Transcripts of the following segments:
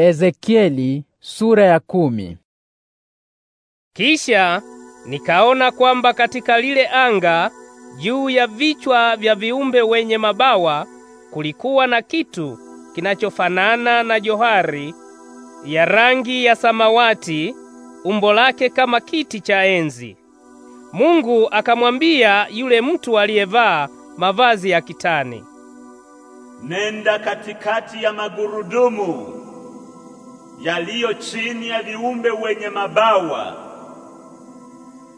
Ezekieli sura ya kumi. Kisha nikaona kwamba katika lile anga juu ya vichwa vya viumbe wenye mabawa kulikuwa na kitu kinachofanana na johari ya rangi ya samawati, umbo lake kama kiti cha enzi. Mungu akamwambia yule mtu aliyevaa mavazi ya kitani, nenda katikati ya magurudumu yaliyo chini ya viumbe wenye mabawa,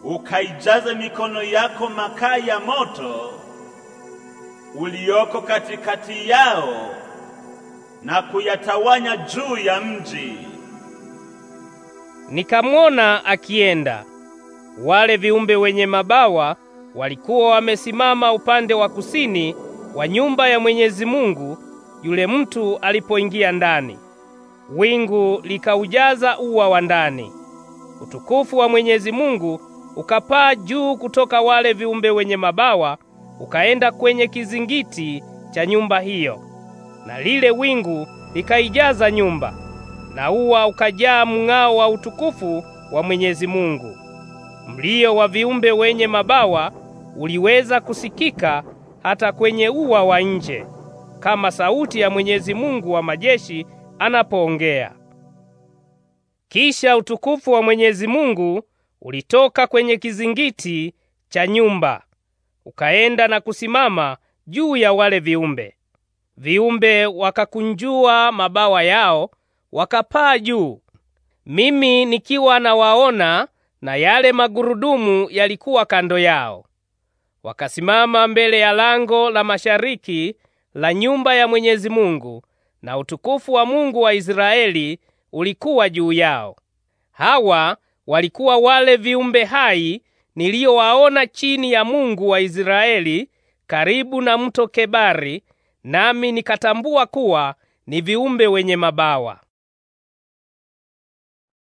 ukaijaze mikono yako makaa ya moto ulioko katikati yao na kuyatawanya juu ya mji. Nikamwona akienda. Wale viumbe wenye mabawa walikuwa wamesimama upande wa kusini wa nyumba ya Mwenyezi Mungu yule mtu alipoingia ndani wingu likaujaza uwa wa ndani. Utukufu wa Mwenyezi Mungu ukapaa juu kutoka wale viumbe wenye mabawa ukaenda kwenye kizingiti cha nyumba hiyo, na lile wingu likaijaza nyumba, na uwa ukajaa mng'ao wa utukufu wa Mwenyezi Mungu. Mlio wa viumbe wenye mabawa uliweza kusikika hata kwenye uwa wa nje, kama sauti ya Mwenyezi Mungu wa majeshi anapoongea. Kisha utukufu wa Mwenyezi Mungu ulitoka kwenye kizingiti cha nyumba ukaenda na kusimama juu ya wale viumbe. Viumbe wakakunjua mabawa yao wakapaa juu, mimi nikiwa nawaona, na yale magurudumu yalikuwa kando yao. Wakasimama mbele ya lango la mashariki la nyumba ya Mwenyezi Mungu na utukufu wa Mungu wa Israeli ulikuwa juu yao. Hawa walikuwa wale viumbe hai niliyowaona chini ya Mungu wa Israeli karibu na mto Kebari, nami nikatambua kuwa ni viumbe wenye mabawa.